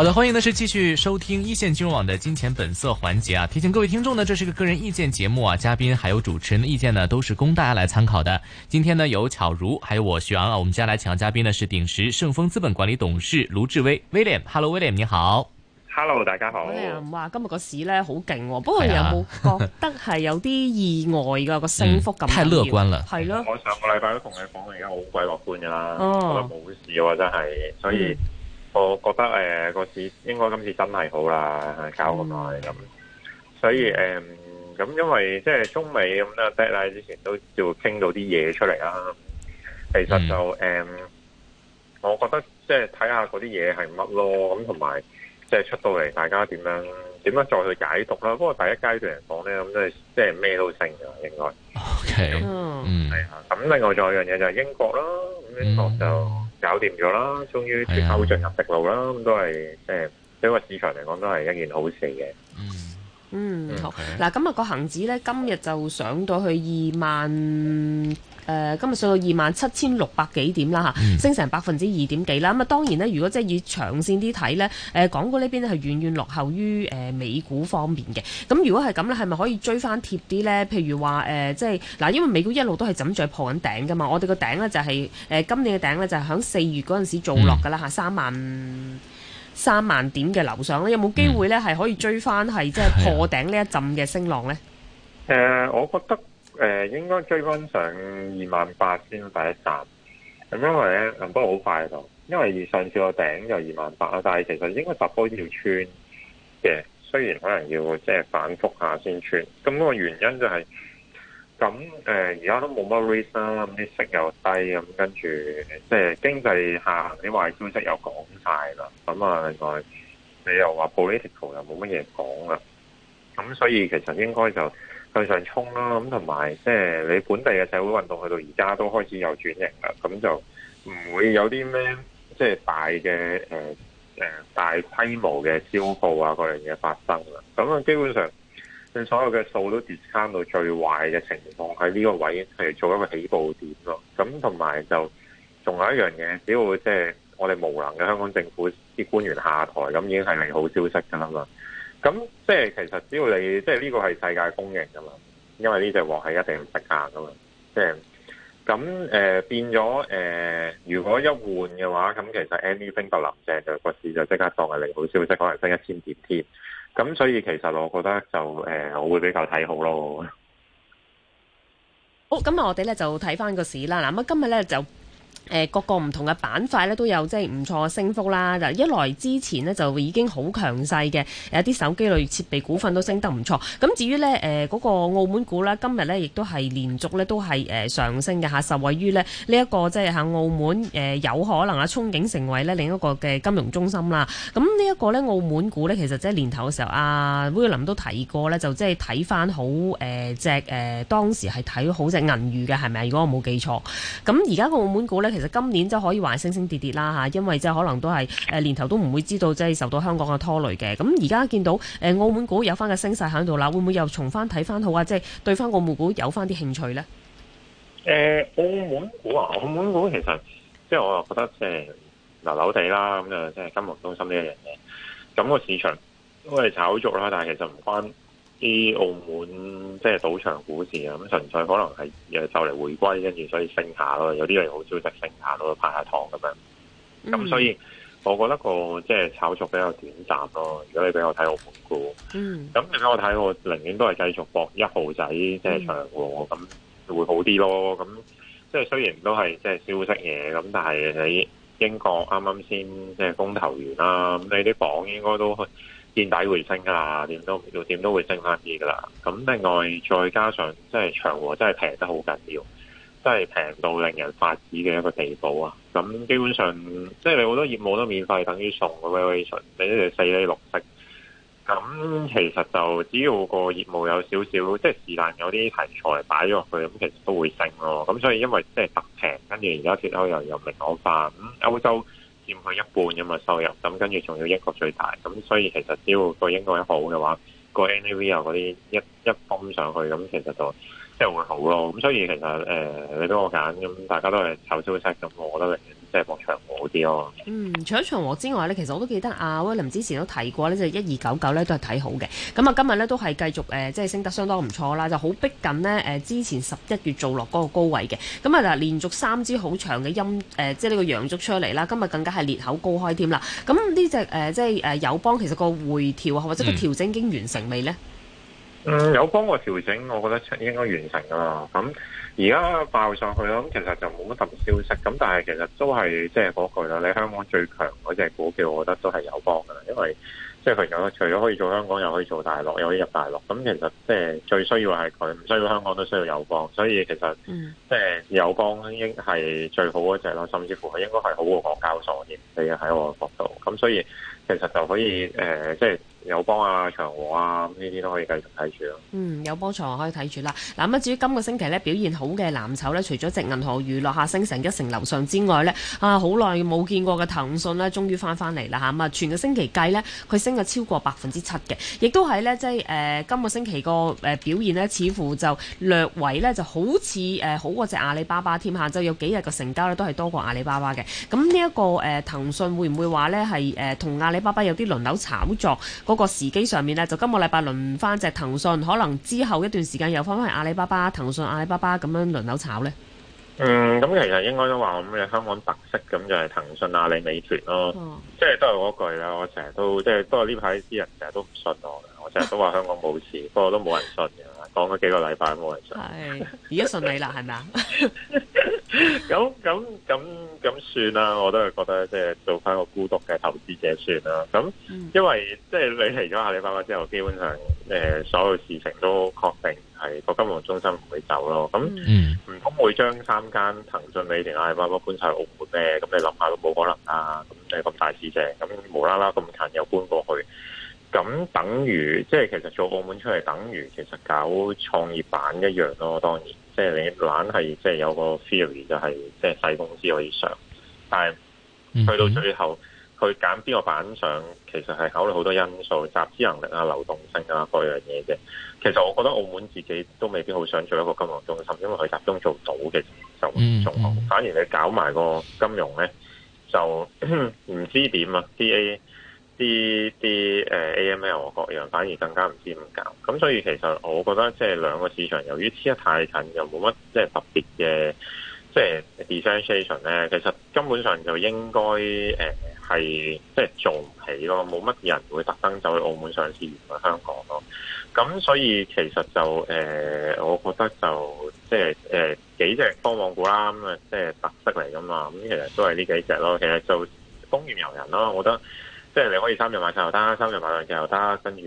好的，歡迎呢是繼續收聽一線金融網的金錢本色環節啊！提醒各位聽眾呢，這是個個人意見節目啊，嘉賓還有主持人的意見呢，都是供大家來參考的。今天呢，有巧如，還有我徐昂啊，我們接下來請到嘉賓呢是頂石盛豐資本管理董事盧志威 William。Hello，William，你好。Hello，大家好。哇，今日個市呢、啊，好勁，不過有冇覺得係有啲意外噶，個升幅咁太樂觀啦，係咯、嗯。我上個禮拜都同你講，而家好鬼樂觀噶啦，冇、啊、事喎，真係，所以。嗯我覺得誒、呃、個市應該今次真係好啦，搞咁耐咁，所以誒咁、呃、因為即係中美咁啦，deadline 之前都就傾到啲嘢出嚟啦。其實就誒、嗯嗯，我覺得即係睇下嗰啲嘢係乜咯，咁同埋即係出到嚟大家點樣點樣再去解讀啦。不過第一階段嚟講咧，咁即係即係咩都成嘅應該。OK，嗯，係啊。咁另外仲有樣嘢就係英國咯，英國就。嗯搞掂咗啦，終於脫歐進入直路啦，咁都係即係對個市場嚟講都係一件好事嘅。嗯嗯，嗯嗯好嗱，今日 okay.、嗰個恆指咧今日就上到去二萬。誒、呃、今日上到二萬七千六百幾點啦嚇、啊，升成百分之二點幾啦。咁啊當然呢，如果即係以長線啲睇呢，誒港股呢邊咧係遠遠落後於誒、啊、美股方面嘅。咁、啊、如果係咁咧，係咪可以追翻貼啲呢？譬如話誒，即係嗱，因為美股一路都係枕住破緊頂噶嘛，我哋個頂呢、就是，就係誒今年嘅頂呢，就係響四月嗰陣時做落噶啦嚇，三、嗯啊、萬三萬點嘅樓上咧、啊，有冇機會呢？係可以追翻係即係破頂呢一陣嘅升浪呢？誒、嗯呃，我覺得。誒，應該追翻上二萬八先第一站，咁因為咧，林哥好快到，因為上次個頂就二萬八啦，但係其實應該突破呢條村嘅，雖然可能要即係反復下先穿，咁個原因就係、是，咁誒而家都冇乜 reason，啲息又低，咁跟住即係經濟下行啲壞消息又講晒啦，咁啊另外你又話 political 又冇乜嘢講啦，咁所以其實應該就。向上衝咯，啊，咁同埋即係你本地嘅社會運動去到而家都開始有轉型啦，咁就唔會有啲咩即係大嘅誒誒大規模嘅消耗啊嗰樣嘢發生啦。咁啊基本上，你所有嘅數都 discount 到最壞嘅情況喺呢個位，係做一個起步點咯。咁同埋就仲有一樣嘢，只要即係我哋無能嘅香港政府啲官員下台，咁已經係利好消息噶啦嘛。咁即係其實只要你即係呢個係世界公認噶嘛，因為呢隻鑊係一定唔食價噶嘛，即係咁誒變咗誒、呃，如果一換嘅話，咁其實 anything 到林鄭就個市就即刻當係利好消息，可能升一千點添。咁所以其實我覺得就誒、呃、我會比較睇好咯。好，今日我哋咧就睇翻個市啦。嗱，咁今日咧就。誒各個唔同嘅板塊咧都有即係唔錯嘅升幅啦。嗱，一來之前呢，就已經好強勢嘅，有啲手機類設備股份都升得唔錯。咁至於呢誒、嗰、呃那個澳門股啦，今日呢亦都係連續咧都係誒、呃、上升嘅嚇，實位於受惠於咧呢一個即係喺澳門誒、呃、有可能啊，憧憬成為咧另一個嘅金融中心啦。咁呢一個呢，澳門股呢，其實即係年頭嘅時候，阿 William 都提過呢，就即係睇翻好誒隻誒，當時係睇好隻銀娛嘅係咪？如果我冇記錯，咁而家個澳門股呢。其實今年即係可以話係升升跌跌啦吓，因為即係可能都係誒、呃、年頭都唔會知道即係受到香港嘅拖累嘅。咁而家見到誒、呃、澳門股有翻嘅升勢喺度啦，會唔會又重翻睇翻好啊？即係對翻澳門股有翻啲興趣咧？誒、呃，澳門股啊，澳門股其實即係我又覺得即係、呃、流流地啦，咁啊即係金融中心呢一樣嘢。咁個市場因為炒作啦，但係其實唔關。啲澳門即係賭場股市啊，咁純粹可能係誒就嚟回歸，跟住所以升下咯，有啲又好消息升下咯，派下糖咁樣。咁、嗯、所以，我覺得個即係炒作比較短暫咯。如果你俾我睇澳門股，嗯，咁你俾我睇我，寧願都係繼續搏一號仔即係、就是、長和，咁、嗯、會好啲咯。咁即係雖然都係即係消息嘢，咁但係喺英國啱啱先即係公投完啦，咁你啲榜應該都去。見底回升噶啦，點都點都會升翻啲噶啦。咁另外再加上即係長和，真係平得好緊要，真係平到令人髮指嘅一個地步啊！咁基本上即係你好多業務都免費，等於送嘅 version，俾啲四厘六息。咁其實就只要個業務有少少，即係是但有啲題材擺咗落去，咁其實都會升咯。咁所以因為即係特平，跟住而家脫歐又又另攞飯。歐洲佔佢一半咁嘅收入，咁跟住仲要英國最大，咁所以其實只要個英國一好嘅話，個 N A V 啊嗰啲一一崩上去，咁其實就即係會好咯。咁所以其實誒、呃，你幫我揀，咁大家都係炒少少咁，我覺得即係博長和好啲咯。嗯，除咗長和之外呢，其實我都記得阿 William 之前都提過、就是、呢就一二九九呢都係睇好嘅。咁啊，今日呢都係繼續誒，即、呃、係、就是、升得相當唔錯啦，就好逼近呢誒、呃，之前十一月做落嗰個高位嘅。咁啊嗱，連續三支好長嘅陰誒，即係呢個陽燭出嚟啦。今日更加係裂口高開添啦。咁呢隻誒，即係誒友邦，其實個回調啊，或者個調整已經完成未呢？嗯，有友邦我調整，我覺得出應該完成噶啦。咁而家爆上去咯，咁其實就冇乜特別消息。咁但係其實都係即係嗰句啦。你香港最強嗰隻股票，我覺得都係友邦噶啦。因為即係佢有除咗可以做香港，又可以做大陸，又可以入大陸。咁、嗯嗯、其實即係最需要係佢，唔需要香港都需要友邦。所以其實即係友邦應係最好嗰隻啦，甚至乎佢應該係好過港交所添。係啊，喺我角度。咁所以其實就可以誒，即、呃、係。就是友邦啊，長和啊，呢啲都可以繼續睇住咯。嗯，友邦長和可以睇住啦。嗱、啊，咁至於今個星期咧表現好嘅藍籌咧，除咗隻銀河娛樂下升成一成樓上之外呢啊好耐冇見過嘅騰訊呢，終於翻翻嚟啦嚇嘛！全個星期計呢，佢升咗超過百分之七嘅，亦都係呢。即係誒、呃、今個星期個誒表現呢，似乎就略為呢，就好似誒好過隻阿里巴巴添下即有幾日個成交呢，都係多過阿里巴巴嘅。咁呢一個誒、呃、騰訊會唔會話呢？係誒同阿里巴巴，巴有啲輪流炒作？嗰個時機上面咧，就今個禮拜輪翻隻騰訊，可能之後一段時間又翻翻阿里巴巴、騰訊、阿里巴巴咁樣輪流炒咧。嗯，咁其實應該都話我咩香港特色咁就係騰訊、阿里、美團咯。哦，即係都係嗰句啦。我成日都即係都係呢排啲人成日都唔信我嘅。我成日都話香港冇事，不過 都冇人信嘅。講咗幾個禮拜冇人信。係而家信你啦，係咪啊？ 咁咁咁咁算啦，我都係覺得即係做翻個孤獨嘅投資者算啦。咁因為即係你嚟咗阿里巴巴之後，基本上誒、呃、所有事情都確定係個金融中心唔會走咯。咁唔通會將三間騰訊、美團、阿里巴巴搬晒澳門咩？咁你諗下都冇可能啊！咁你咁大市啫，咁無啦啦咁近又搬過去，咁等於即係其實做澳門出嚟，等於其實搞創業板一樣咯。當然。即係你懶係，即係有個 theory 就係，即係細公司可以上，但係去到最後，佢揀邊個板上，其實係考慮好多因素，集資能力啊、流動性啊各樣嘢嘅。其實我覺得澳門自己都未必好想做一個金融中心，因為佢集中做到，嘅就仲好、嗯嗯嗯、反而你搞埋個金融咧，就唔 知點啊！DA 啲啲誒 AML 各樣反而更加唔知唔搞，咁所以其實我覺得即係兩個市場由於黐得太近，又冇乜即係特別嘅即係 discussion 咧，其實根本上就應該誒係即係做唔起咯，冇乜人會特登走去澳門上市，唔去香港咯。咁所以其實就誒、呃，我覺得就即係誒幾隻科網股啦，咁啊即係特色嚟噶嘛，咁其實都係呢幾隻咯，其實就風月遊人咯，我覺得。即係你可以三日買三日又得，三日買兩日又得，跟住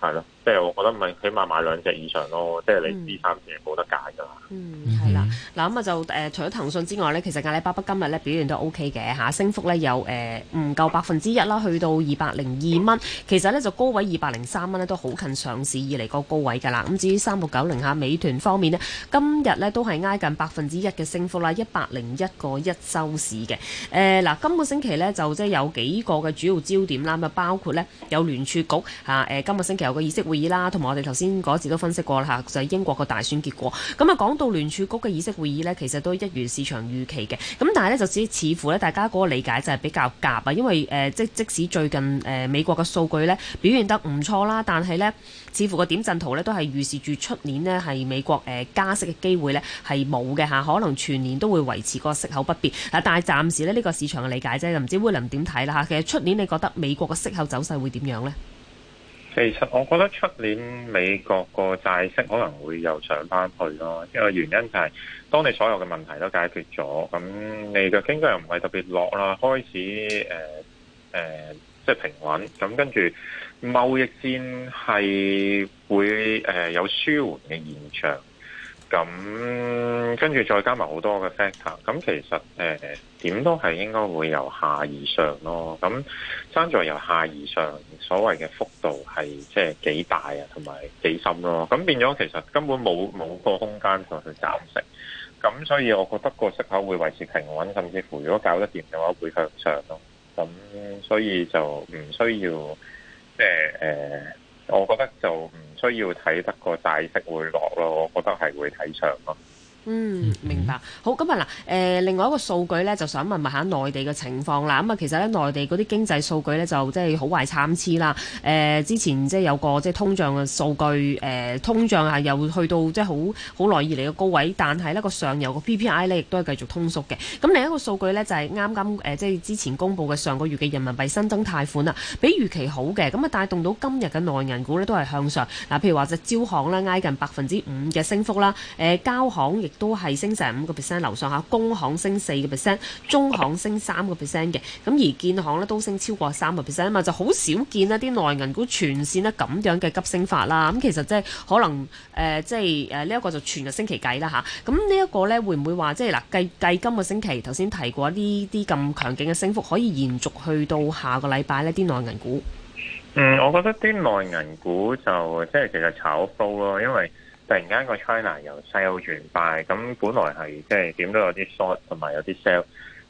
係咯。即係我覺得唔係，起碼買兩隻以上咯。即係你依三隻冇得揀㗎嘛。Mm hmm. 嗯，係啦。嗱咁啊就誒、呃，除咗騰訊之外呢，其實阿里巴巴今日呢表現都 O K 嘅嚇，升幅呢有誒唔、呃、夠百分之一啦，去到二百零二蚊。其實呢就高位二百零三蚊呢都好近上市以嚟個高位㗎啦。咁、啊、至於三六九零下美團方面呢，今日呢都係挨近百分之一嘅升幅啦，一百零一個一收市嘅。誒、啊、嗱、啊，今個星期呢就即係有幾個嘅主要焦點啦。咁啊包括呢有聯儲局嚇誒、啊呃，今個星期有個議息會。啦，同埋我哋頭先嗰次都分析過啦嚇、啊，就係、是、英國個大選結果。咁啊，講到聯儲局嘅議息會議呢，其實都一如市場預期嘅。咁但係呢，就似乎咧，大家嗰個理解就係比較夾啊。因為誒，即、呃、即使最近誒、呃、美國嘅數據咧表現得唔錯啦，但係呢，似乎個點陣圖呢都係預示住出年呢係美國誒、呃、加息嘅機會呢係冇嘅嚇，可能全年都會維持個息口不變。嗱、啊，但係暫時呢，呢、這個市場嘅理解啫，就唔知威廉點睇啦嚇。其實出年你覺得美國嘅息口走勢會點樣呢？其實我覺得出年美國個債息可能會又上翻去咯，因為原因就係當你所有嘅問題都解決咗，咁你嘅經濟又唔係特別落啦，開始誒誒即係平穩，咁跟住貿易戰係會誒、呃、有舒緩嘅現象。咁跟住再加埋好多嘅 factor，咁其實誒點、呃、都係應該會由下而上咯。咁生在由下而上，所謂嘅幅度係即係幾大啊，同埋幾深咯。咁變咗其實根本冇冇個空間再去減息。咁所以我覺得個息口會維持平穩，甚至乎如果搞得掂嘅話會向上咯。咁所以就唔需要即係誒。呃呃我覺得就唔需要睇得個大息會落咯，我覺得係會睇長咯。嗯，明白。好，咁啊嗱，誒，另外一個數據咧，就想問問下內地嘅情況啦。咁啊，其實咧內地嗰啲經濟數據咧，就即係好壞參差啦。誒，之前即係有個即係通脹嘅數據，誒，通脹係又去到即係好好耐以嚟嘅高位，但係呢個上游嘅 PPI 咧，亦都係繼續通縮嘅。咁另一個數據咧，就係啱啱誒，即係之前公布嘅上個月嘅人民幣新增貸款啊，比預期好嘅，咁啊帶動到今日嘅內銀股咧都係向上。嗱，譬如話隻招行啦，挨近百分之五嘅升幅啦，誒，交行亦，都係升成五個 percent 樓上嚇，工行升四個 percent，中行升三個 percent 嘅，咁而建行咧都升超過三個 percent 啊嘛，就好少見啦，啲內銀股全線呢咁樣嘅急升法啦。咁其實即係可能誒，即係誒呢一個就全日星期計啦嚇。咁呢一個咧會唔會話即係嗱，計計今個星期頭先提過呢啲咁強勁嘅升幅，可以延續去到下個禮拜呢啲內銀股？嗯，我覺得啲內銀股就即係其實炒高咯，因為。突然間個 China 由 sell 轉 buy，咁本來係即係點都有啲 short 同埋有啲 sell，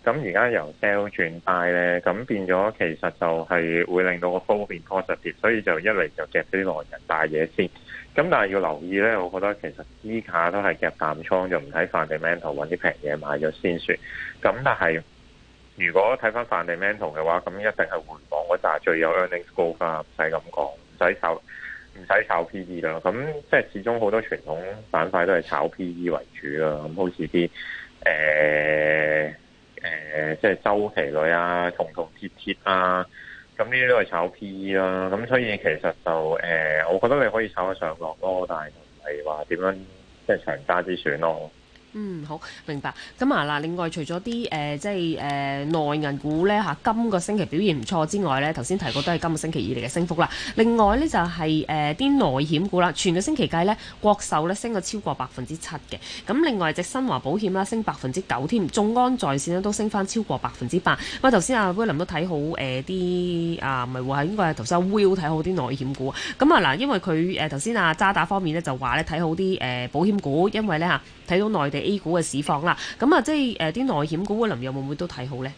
咁而家由 sell 轉 buy 咧，咁變咗其實就係會令到個波變 positive，所以就一嚟就夾啲內人買嘢先，咁但係要留意咧，我覺得其實依家都係夾淡倉，就唔睇 fundamental 揾啲平嘢買咗先算。咁但係如果睇翻 fundamental 嘅話，咁一定係回房嗰扎最有 earnings 股、啊、噶，唔使咁講，唔使受。唔使炒 P E 啦，咁即係始終好多傳統板塊都係炒 P E 為主啦。咁好似啲誒誒，即係周期類啊，銅銅鐵鐵啊，咁呢啲都係炒 P E 啦。咁所以其實就誒、呃，我覺得你可以炒得上落咯，但係唔係話點樣即係長揸之選咯，啊。嗯，好明白。咁啊嗱，另外除咗啲誒即係誒、呃、內銀股咧嚇，今個星期表現唔錯之外咧，頭先提過都係今個星期以嚟嘅升幅啦。另外咧就係誒啲內險股啦，全個星期計咧，國壽咧升咗超過百分之七嘅。咁另外隻新華保險啦，升百分之九添，眾安在線咧都升翻超過百分之八。咁啊頭先阿 Will 都睇好誒啲、呃、啊，唔係喎，係應該係頭先阿 Will 睇好啲內險股。咁啊嗱，因為佢誒頭先阿渣打方面咧就話咧睇好啲誒、呃、保險股，因為咧嚇睇到內地。A 股嘅市況啦，咁啊、就是，即係誒啲內險股會唔會有冇都睇好咧？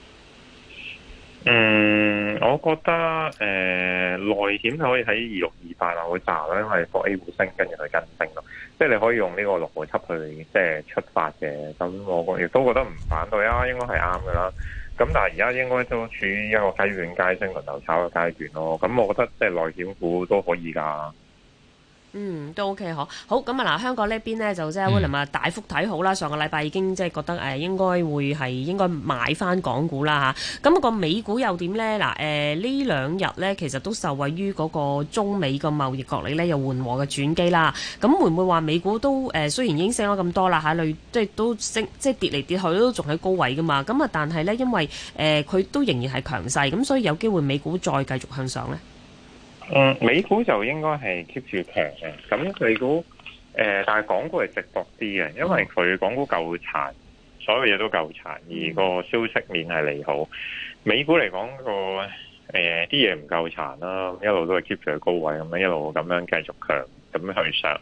嗯，我覺得誒、呃、內險可以喺二六二八嗰扎咧，因為個 A 股升跟住去跟升咯，即係你可以用呢個六個七去即係出發嘅。咁我亦都覺得唔反對啊，應該係啱嘅啦。咁但係而家應該都處於一個階段階升輪流炒嘅階段咯。咁我覺得即係內險股都可以㗎。嗯，都 OK 呵。好，咁啊，嗱、嗯，香港呢邊呢，就即係 William 大幅睇好啦。上個禮拜已經即係覺得誒應該會係應該買翻港股啦嚇。咁、啊，那個美股又點呢？嗱，誒呢兩日呢，其實都受惠於嗰個中美個貿易角力呢，又緩和嘅轉機啦。咁會唔會話美股都誒、啊、雖然已經升咗咁多啦嚇、啊，即係都升即係跌嚟跌去都仲喺高位噶嘛。咁啊，但係呢，因為誒佢、啊、都仍然係強勢咁，所以有機會美股再繼續向上呢。嗯，美股就應該係 keep 住平嘅，咁美股誒，但係港股係直搏啲嘅，因為佢港股夠殘，所有嘢都夠殘，而個消息面係利好。美股嚟講個誒啲嘢唔夠殘啦，一路都係 keep 住高位咁樣一路咁樣繼續強，咁樣去上。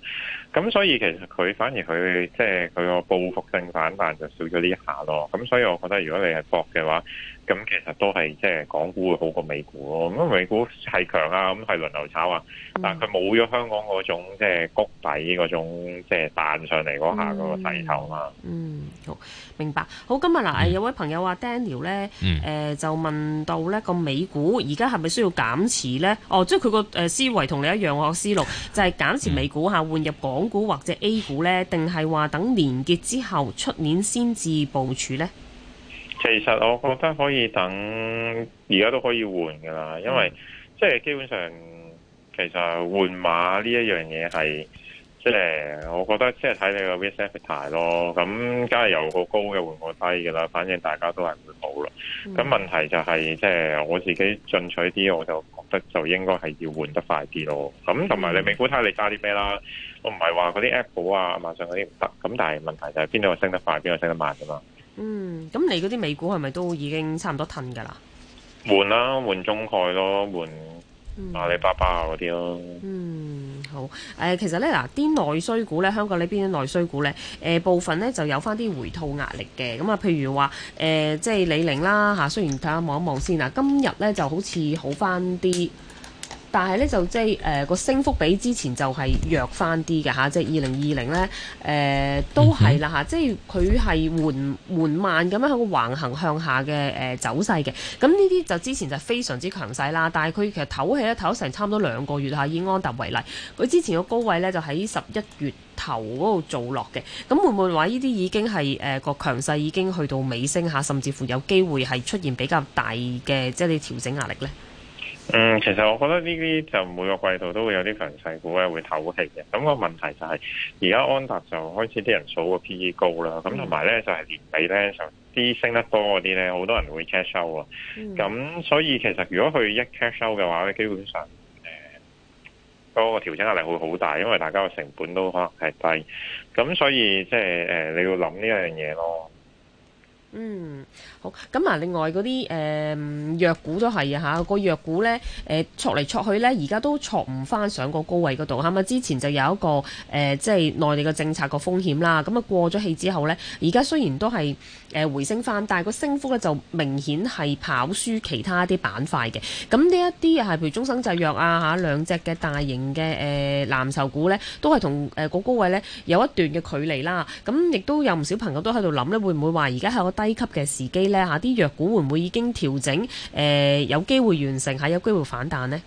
咁所以其實佢反而佢即係佢個報復性反彈就少咗呢一下咯。咁所以我覺得如果你係搏嘅話。咁其實都係即係港股會好過美股咯，咁美股係強啊，咁係輪流炒啊，但佢冇咗香港嗰種即係谷底嗰種即係彈上嚟嗰下嗰個勢頭嘛、嗯。嗯，好明白。好，今日嗱、嗯呃，有位朋友話 Daniel 咧，誒、嗯呃、就問到咧個美股而家係咪需要減持咧？哦，即係佢個誒思維同你一樣喎，我思路就係、係、減持美股嚇，換入港股或者 A 股咧，定係話等年結之後出年先至部署咧？其實我覺得可以等，而家都可以換噶啦，嗯、因為即係、就是、基本上，其實換馬呢一樣嘢係，即、就、係、是、我覺得即係睇你個 risk factor 咯。咁梗係由好高嘅換個低噶啦，反正大家都係會好啦。咁、嗯、問題就係即係我自己進取啲，我就覺得就應該係要換得快啲咯。咁同埋你美股睇你加啲咩啦，嗯、我唔係話嗰啲 Apple 啊、Amazon 嗰啲唔得。咁但係問題就係邊度升得快，邊度升得慢噶嘛。嗯，咁你嗰啲美股係咪都已經差唔多褪噶啦？換啦、啊，換中概咯，換阿里巴巴嗰啲咯。嗯，好。誒、呃，其實咧嗱，啲內需股咧，香港呢邊啲內需股咧，誒、呃，部分咧就有翻啲回吐壓力嘅。咁、呃、啊，譬如話，誒、呃，即係李寧啦吓，雖然睇下望一望先，嗱今日咧就好似好翻啲。但係咧就即係誒個升幅比之前就係弱翻啲嘅嚇，即係二零二零咧誒都係啦嚇，即係佢係緩緩慢咁樣喺個橫行向下嘅誒、呃、走勢嘅。咁呢啲就之前就非常之強勢啦，但係佢其實唞氣咧唞成差唔多兩個月嚇，以安踏為例，佢之前個高位咧就喺十一月頭嗰度做落嘅。咁會唔會話呢啲已經係誒個強勢已經去到尾聲下，甚至乎有機會係出現比較大嘅，即係你調整壓力咧？嗯，其實我覺得呢啲就每個季度都有強勢，會有啲強勢股咧會唞氣嘅。咁、那個問題就係而家安踏就開始啲人數個 P E 高啦。咁同埋咧就係、是、年底咧就啲升得多嗰啲咧，好多人會 cash out 啊。咁所以其實如果佢一 cash out 嘅話咧，基本上誒嗰、呃、那個調整壓力會好大，因為大家嘅成本都可能係低。咁所以即係誒你要諗呢樣嘢咯。嗯，好，咁、嗯、啊，另外嗰啲誒，藥、呃、股都係啊，吓個藥股咧，誒，戳嚟戳去咧，而家都戳唔翻上個高位個度，係、啊、嘛，之前就有一個誒、呃，即係內地嘅政策個風險啦，咁啊過咗氣之後咧，而家雖然都係誒回升翻，但係個升幅咧就明顯係跑輸其他啲板塊嘅，咁呢一啲又係譬如中生製藥啊吓兩隻嘅大型嘅誒、呃、藍籌股咧，都係同誒個高位咧有一段嘅距離啦，咁、啊、亦、啊、都有唔少朋友都喺度諗，咧，會唔會話而家係個低？低級嘅時機呢，吓啲藥股會唔會已經調整？誒，有機會完成下有機會反彈呢？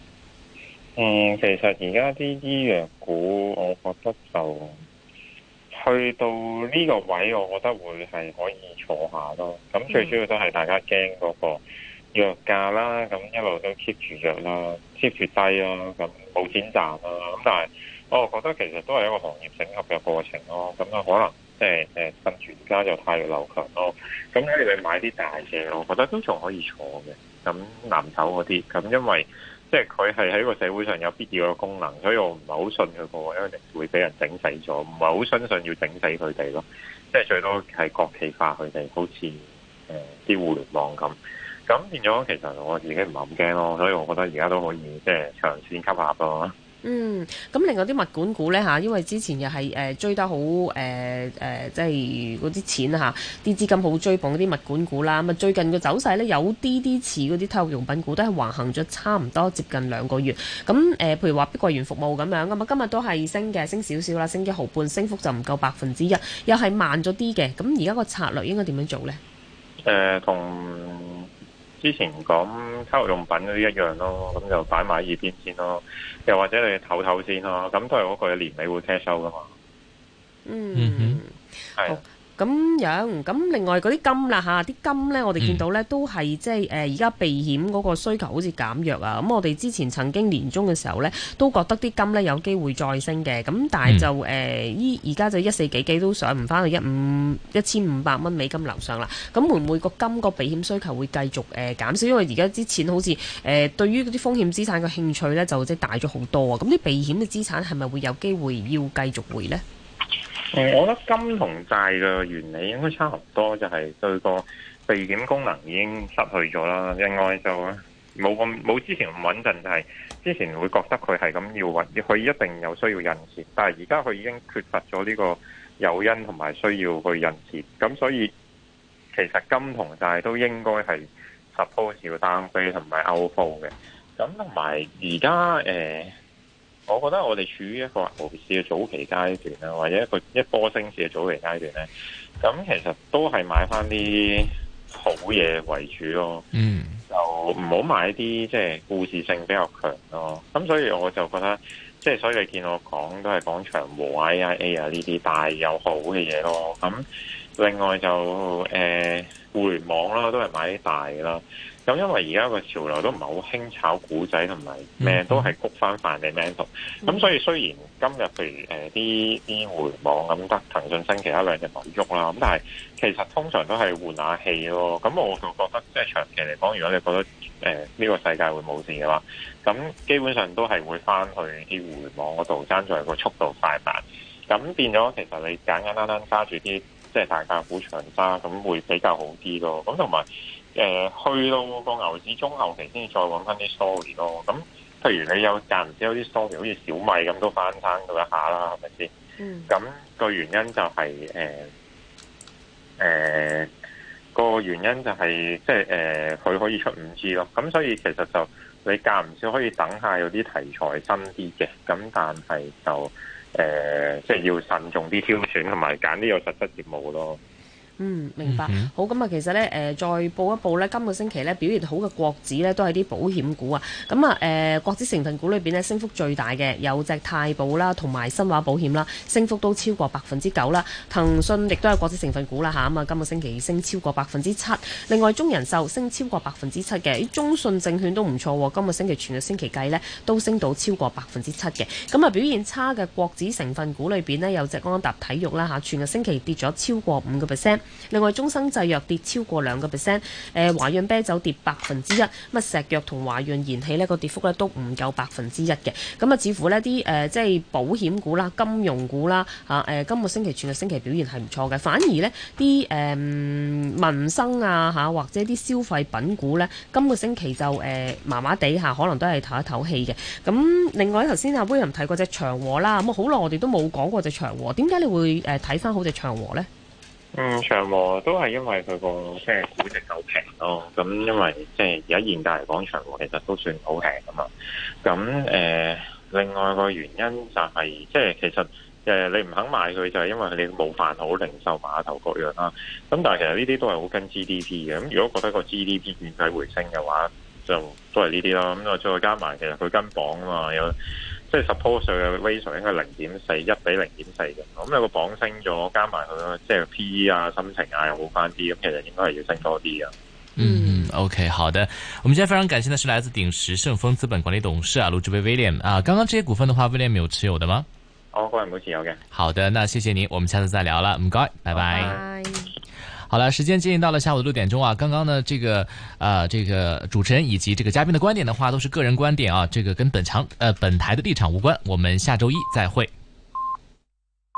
嗯，其實而家啲醫藥股，我覺得就去到呢個位，我覺得會係可以坐下咯。咁最主要都係大家驚嗰個藥價啦，咁一路都 keep 住藥啦，keep 住低咯，咁冇錢賺啦。咁但係，我覺得其實都係一個行業整合嘅過程咯。咁啊，可能。即係誒，信專家就太流強咯。咁如果你買啲大隻，我覺得都仲可以坐嘅。咁藍籌嗰啲，咁因為即係佢係喺個社會上有必要嘅功能，所以我唔係好信佢個，因為會俾人整死咗。唔係好相信要整死佢哋咯。即係最多係國企化佢哋，好似誒啲互聯網咁。咁變咗，其實我自己唔係咁驚咯。所以我覺得而家都可以即係長線吸下咯。嗯，咁另外啲物管股咧吓，因為之前又係誒追得好誒誒，即係嗰啲錢吓，啲資金好追捧嗰啲物管股啦。咁啊，最近嘅走勢咧有啲啲似嗰啲體育用品股，都係橫行咗差唔多接近兩個月。咁、嗯、誒、呃，譬如話碧桂園服務咁樣噶嘛，今日都係升嘅，升少少啦，升一毫半，升幅就唔夠百分之一，又係慢咗啲嘅。咁而家個策略應該點樣做咧？誒、呃，同。之前講生活用品啲一樣咯，咁就擺埋一邊先咯，又或者你唞唞先咯，咁都係嗰句，年尾會 cash out 㗎嘛。嗯，係。咁樣，咁另外嗰啲金啦嚇，啲、啊、金呢，我哋見到呢都係即係誒而家避險嗰個需求好似減弱啊。咁我哋之前曾經年中嘅時候呢，都覺得啲金呢有機會再升嘅。咁但係就誒依而家就一四幾幾都上唔返去一五一千五百蚊美金樓上啦。咁會唔會個金個避險需求會繼續誒、呃、減少？因為而家之前好似誒、呃、對於啲風險資產嘅興趣呢，就即係大咗好多啊。咁啲避險嘅資產係咪會有機會要繼續回呢？嗯，我覺得金同債嘅原理應該差唔多，就係、是、對個避險功能已經失去咗啦。另外就冇咁冇之前咁穩陣，就係之前會覺得佢係咁要穩，佢一定有需要印錢，但係而家佢已經缺乏咗呢個誘因同埋需要去印錢，咁所以其實金同債都應該係 support 要單飛同埋 outflow 嘅。咁同埋而家誒。呃我覺得我哋處於一個牛市嘅早期階段啦，或者一個一波升市嘅早期階段咧，咁其實都係買翻啲好嘢為主咯。嗯，就唔好買啲即係故事性比較強咯。咁所以我就覺得，即係所以你見我講都係講長和啊、AIA 啊呢啲大又好嘅嘢咯。咁另外就誒互聯網啦，都係買啲大嘅啦。咁因為而家個潮流都唔係好興炒股仔，同埋咩都係谷翻飯嘅 mental 咁所以雖然今日譬如誒啲啲互聯網咁、嗯、得騰訊升其他兩隻冇喐啦，咁、嗯、但係其實通常都係換下氣咯。咁、嗯、我就覺得即係長期嚟講，如果你覺得誒呢、呃呢個世界會冇事嘅話，咁、嗯、基本上都係會翻去啲互聯網嗰度爭在個速度快慢。咁、嗯、變咗其實你簡簡單單揸住啲即係大價股長揸，咁會比較好啲咯。咁同埋。誒，去到個牛市中後期先再揾翻啲收條咯。咁，譬如你有間唔中有啲收條，好似小米咁都翻翻咗一下啦，係咪先？咁個、嗯、原因就係誒誒個原因就係、是、即係誒，佢、呃、可以出五 G 咯。咁所以其實就你間唔中可以等下有啲題材新啲嘅。咁但係就誒，即、呃、係、就是、要慎重啲挑選，同埋揀啲有實質業務咯。嗯，明白。好咁啊，其實呢，誒、呃、再報一報呢，今個星期呢，表現好嘅國指呢，都係啲保險股啊。咁、嗯、啊，誒、呃、國指成分股裏邊呢，升幅最大嘅有隻太保啦，同埋新華保險啦，升幅都超過百分之九啦。騰訊亦都係國指成分股啦嚇，咁啊，今個星期升超過百分之七。另外，中人壽升超過百分之七嘅，中信證券都唔錯，啊，今個星期全個星期計呢，都升到超過百分之七嘅。咁啊、嗯，表現差嘅國指成分股裏邊呢，有隻安踏體育啦嚇，啊，全個星期跌咗超過五個 percent。另外，中生製藥跌超過兩個 percent，誒華潤啤酒跌百分之一，乜石藥同華潤燃氣呢個跌幅咧都唔夠百分之一嘅，咁啊，似乎呢啲誒即係保險股啦、金融股啦嚇誒，今個星期全個星期表現係唔錯嘅，反而呢啲誒民生啊嚇或者啲消費品股呢，今個星期就誒麻麻地嚇，可能都係唞一唞氣嘅。咁另外頭先阿 William 睇過隻長和啦，咁好耐我哋都冇講過隻長和，點解你會誒睇返好隻長和呢？嗯，長和都係因為佢個即係估值夠平咯，咁因為即係而家現價嚟講，長和其實都算好平噶嘛。咁誒、呃，另外個原因就係、是、即係其實誒、呃、你唔肯買佢，就係、是、因為你冇飯好零售碼頭嗰樣啦。咁但係其實呢啲都係好跟 GDP 嘅。咁如果覺得個 GDP 短期回升嘅話，就都係呢啲咯。咁再加埋其實佢跟榜啊嘛有。即係 support 嘅 ratio 應該零點四一比零點四嘅，咁、嗯、有個榜升咗，加埋佢即係 P E 啊，心情啊又好翻啲，咁其實應該係要升多啲啊。嗯，OK，好的。我們今天非常感謝的是來自頂石盛豐資本管理董事啊，盧志威 William 啊。剛剛這些股份的話，威廉沒有持有的嗎？哦，可能冇持有嘅。好的，那謝謝你，我們下次再聊啦。唔該，拜拜。Bye bye. 好了，時間進行到了下午的六點鐘啊，剛剛呢，這個，啊、呃，這個主持人以及這個嘉賓的觀點的話，都是個人觀點啊，這個跟本場，呃，本台的立場無關，我們下周一再會。